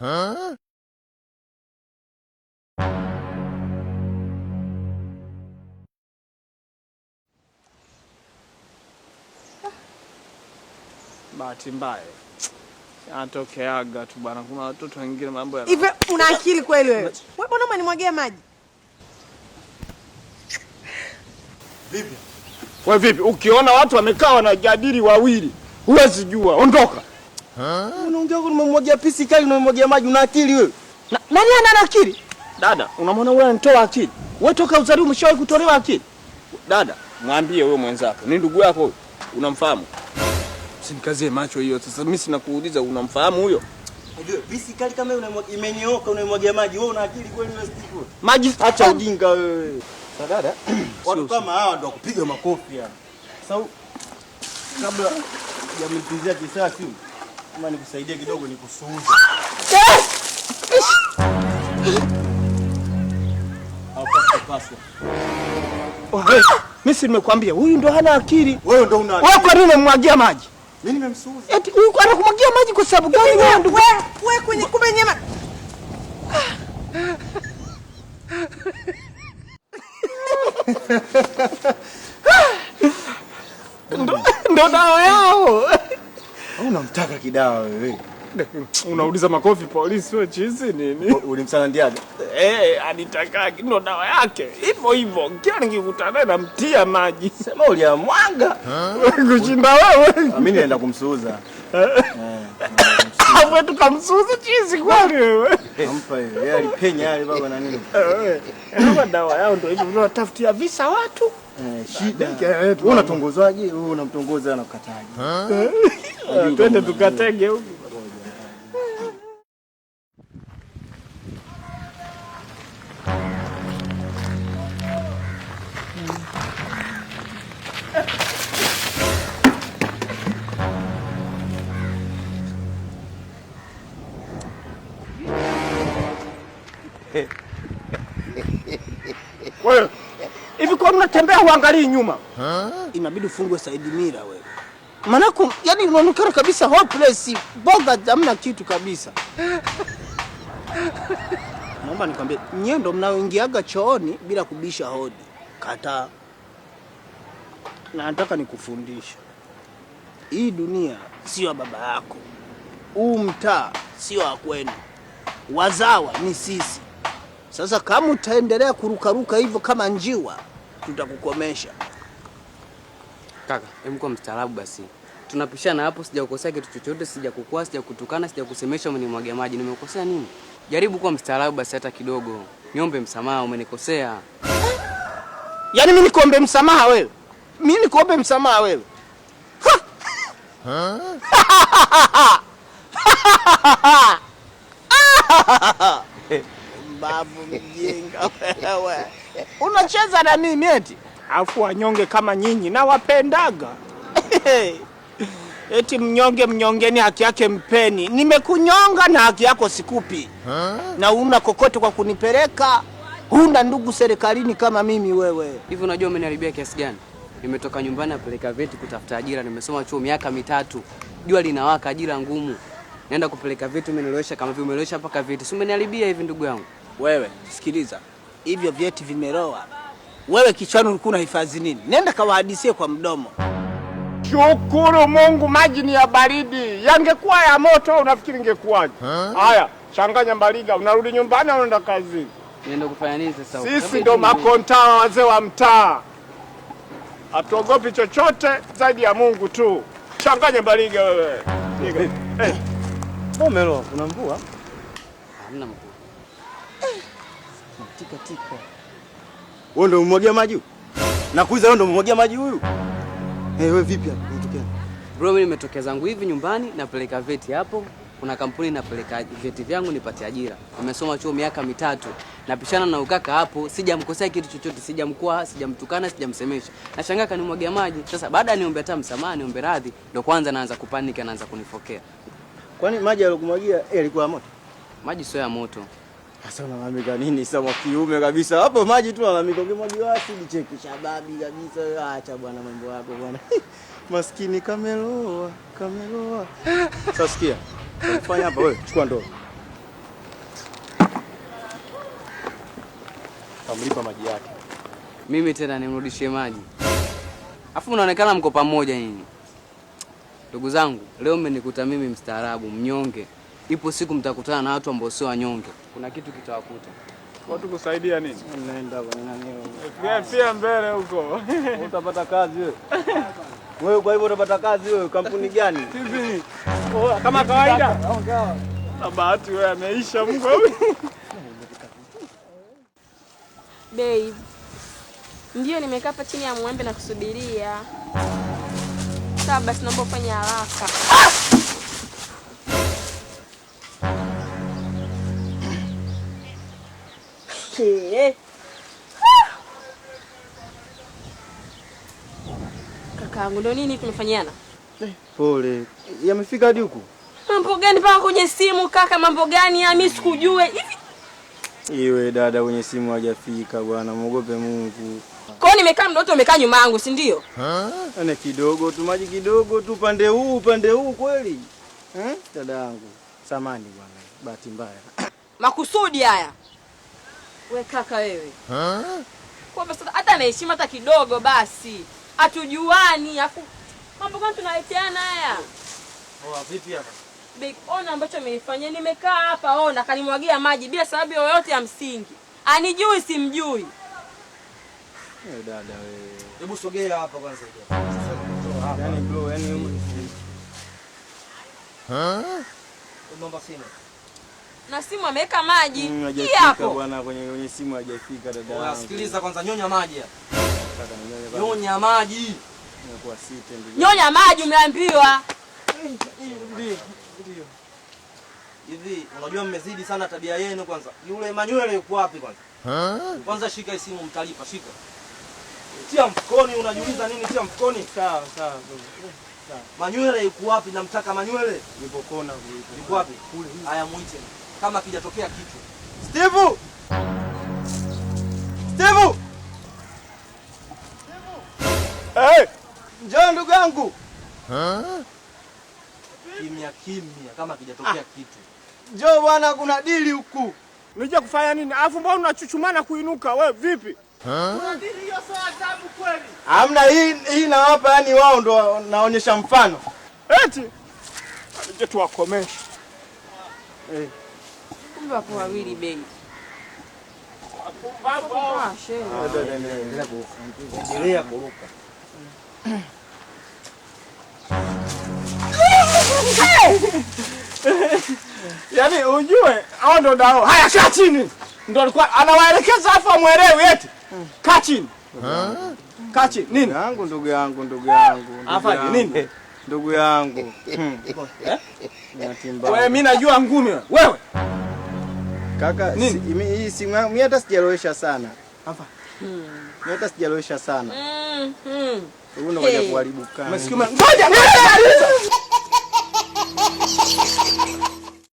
Huh? Bahati mbaya anatokeaga tu bwana, kuna watoto wengine mambo ya hivyo. Una akili kweli wewe? Wewe mbona umenimwagia maji? Vipi wewe, vipi? Ukiona watu wamekaa wanajadili wawili, huwezi jua, ondoka. Unaongea kwa unamwagia pisi kali unamwagia maji una akili wewe. Na, nani ana akili? Dada, unamwona wewe anitoa akili. Wewe toka uzalio umeshawahi kutolewa akili? Dada, mwambie wewe mwenzako, ni ndugu yako huyo. Unamfahamu? Usinikazie macho hiyo. Sasa mimi sina kuuliza unamfahamu huyo? Unajua pisi kali kama unamwagia imenyooka unamwagia maji. Wewe una akili kweli wewe siku. Maji acha ujinga wewe. Dada, watu kama hawa ndio kupiga makofi ya. Sasa kabla ya mtizia kisasi kama nikusaidie kidogo nikusuuze. Mimi si nimekwambia huyu ndo hana akili. Wewe ndo una akili. Wewe kwa nini unamwagia maji? Mimi nimemsuuza. Eti huyu kwa anakumwagia maji kwa sababu gani wewe ndo? Wewe kwenye kumbe nyema. Ndo dawa yao unamtaka kidawa wewe? Unauliza makofi polisi wewe, chizi nini? Ulimsandiaje? Eh, anitaka ndo dawa yake. Hivyo hivyo. Kila nikikutana naye namtia maji. Sema ulia mwanga. Kushinda wewe. Ah, mimi naenda kumsuuza. Eh. Hapo eh, tukamsuuza chizi kwani wewe. Nampa hiyo. Yeye alipenya yale baba na nini? Eh. Kama dawa yao ndio hivyo unatafutia visa watu. Eh, shida. Wewe unatongozwaje? Wewe unamtongoza na kukataje? Eh twende tukatege huko. Hivi kwa mnatembea huangalii nyuma, inabidi ufungwe Saidi Mira wewe. Manako, yani unaonekana kabisa hopeless, boga hamna kitu kabisa. Naomba nikwambie, nyewe ndo mnaoingiaga chooni bila kubisha hodi. Kataa. Na nataka nikufundisha. Hii dunia sio ya baba yako. Huu mtaa sio wa kwenu. Wazawa ni sisi. Sasa kama utaendelea kurukaruka hivyo kama njiwa, tutakukomesha. Kaka, hebu kwa mstaarabu basi. Tunapishana hapo, sijakukosea kitu chochote, sijakukua, sijakutukana, sijakusemesha umenimwagia maji. nimekosea nini? Jaribu kuwa mstaarabu basi hata kidogo. Niombe msamaha, umenikosea. Yaani mimi nikuombe msamaha wewe? Mimi nikuombe msamaha wewe? Babu mjinga wewe. Unacheza na mimi eti? afu wanyonge kama nyinyi na wapendaga eti mnyonge mnyongeni, haki yake mpeni. Nimekunyonga na haki yako sikupi, na una kokote kwa kunipeleka. Huna ndugu serikalini kama mimi wewe. Hivi unajua umeniharibia kiasi gani? Nimetoka nyumbani napeleka vyeti kutafuta ajira, nimesoma chuo miaka mitatu, jua linawaka, ajira ngumu, naenda kupeleka vyeti, umeniloesha kama vile umelowesha mpaka vyeti. Si umeniharibia hivi, ndugu yangu wewe. Sikiliza, hivyo vyeti vimeloa wewe kichwani ulikuwa unahifadhi nini? Nenda kawahadisie kwa mdomo. Shukuru Mungu, maji ni ya baridi. Yangekuwa ya moto, unafikiri ingekuwaje? Haya, changanya mbaliga, unarudi nyumbani au unaenda kazini? Nenda kufanya nini sasa? Sisi ndo makonta wazee wa mtaa, hatuogopi chochote zaidi ya Mungu tu. Changanya mbaliga wewe. Hey. Eh. Mvua? Hamna mvua. Eh. Tika tika. Wewe ndio umemwagia maji huyu? kuiza wewe ndio umemwagia maji huyu? Eh, wewe vipi hapo? Unatokea? Bro, mimi nimetokea zangu hivi nyumbani napeleka veti hapo. Kuna kampuni napeleka veti vyangu nipate ajira. Nimesoma chuo miaka mitatu. Napishana na ukaka hapo, sijamkosea kitu chochote, sijamkua, sijamtukana, sijamsemesha. Nashangaa kanimwagia maji. Sasa baada niombe hata msamaha, niombe radhi, ndio kwanza naanza kupanika, naanza kunifokea. Kwani maji aliyokumwagia yalikuwa eh, moto? Maji sio ya moto. Sasa unalalamika nini sasa wa kiume kabisa? Hapo maji tu unalalamika ukimwaji wasi cheki shababi kabisa. Acha bwana mambo yako bwana. Maskini kameloa, kameloa. Sasa sikia. Fanya hapa wewe, chukua ndoo. Amlipa maji yake. Mimi tena nimrudishie maji. Afu unaonekana mko pamoja nyinyi. Ndugu zangu, leo mmenikuta mimi mstaarabu, mnyonge ipo siku mtakutana na watu ambao sio wanyonge, kuna kitu kitawakuta. Watu kusaidia nini? Naenda kwa nani? Pia mbele huko utapata kazi wewe. Wewe kwa hivyo utapata kazi wewe, kampuni gani? Sisi oh, kama kawaida. Na bahati wewe ameisha mko. Babe. Ndio nimekaa hapa chini ya mwembe na kusubiria. Sasa basi naomba ufanye haraka. Ah! yake kakaangu. Ndio nini tumefanyiana? Eh, pole. Yamefika hadi huku. Mambo gani mpaka kwenye simu kaka? Mambo gani ami ah, mimi sikujue hivi? Iwe dada, kwenye simu hajafika bwana, muogope Mungu. Kwa nimekaa mdoto, umekaa nyuma yangu, si ndio? Ana kidogo tu maji, kidogo tu, upande huu upande huu, kweli eh? Dada yangu, samani bwana, bahati mbaya makusudi haya We kaka wewe, kwamba sasa hata na heshima hata kidogo basi, hatujuani afu mambo gani tunaleteana haya? Poa, vipi hapa? Big ona ambacho ameifanyia, nimekaa hapa ona, kanimwagia maji bila sababu yoyote ya msingi, anijui simjui. Hey, eh, dada wewe, hebu sogea hapa kwanza. Yaani bro, yaani, yaani mambo sina na simu ameweka maji. hapo bwana, kwenye simu hajafika dada yangu. Sikiliza kwanza, nyonya maji, nyonya maji, nyonya maji, umeambiwa hivi. Unajua mmezidi sana tabia yenu. Kwanza yule manywele yuko wapi? Kwanza kwanza, shika simu, mtalipa. Shika tia mfukoni. Unajiuliza nini? Tia mfukoni. Sawa sawa. Manywele yuko wapi? Namtaka manywele. Yuko kona. Yuko wapi? Haya, muite kama kijatokea kitu. Steve! Steve! Hey! Njoo ndugu yangu. Kimya kimya kama kijatokea ah, kitu. Njoo bwana, kuna dili huku. Unajua kufanya nini? Alafu mbona unachuchumana kuinuka wewe vipi? Kuna dili hiyo sawa kweli. Hamna hii hii na yani wao ndo naonyesha mfano. Eti. Aje tuwakomeshe. Eh kumbe wako wawili bei yaani, ujue hao ndo dao. Haya, kaa chini, ndo alikuwa anawaelekeza afu amwelewi eti kaa chini, kaa chini nini yangu, ndugu yangu, ndugu yangu, afanye nini ndugu yangu? Eh? Wewe mimi najua ngumi wewe Kaka, hii simu yangu mimi hata sijalowesha sana. Hapa. Mimi hata sijalowesha sana. Mm. Wewe hmm. unakuja kuharibu kama. Masikio. Ngoja, Ngoja.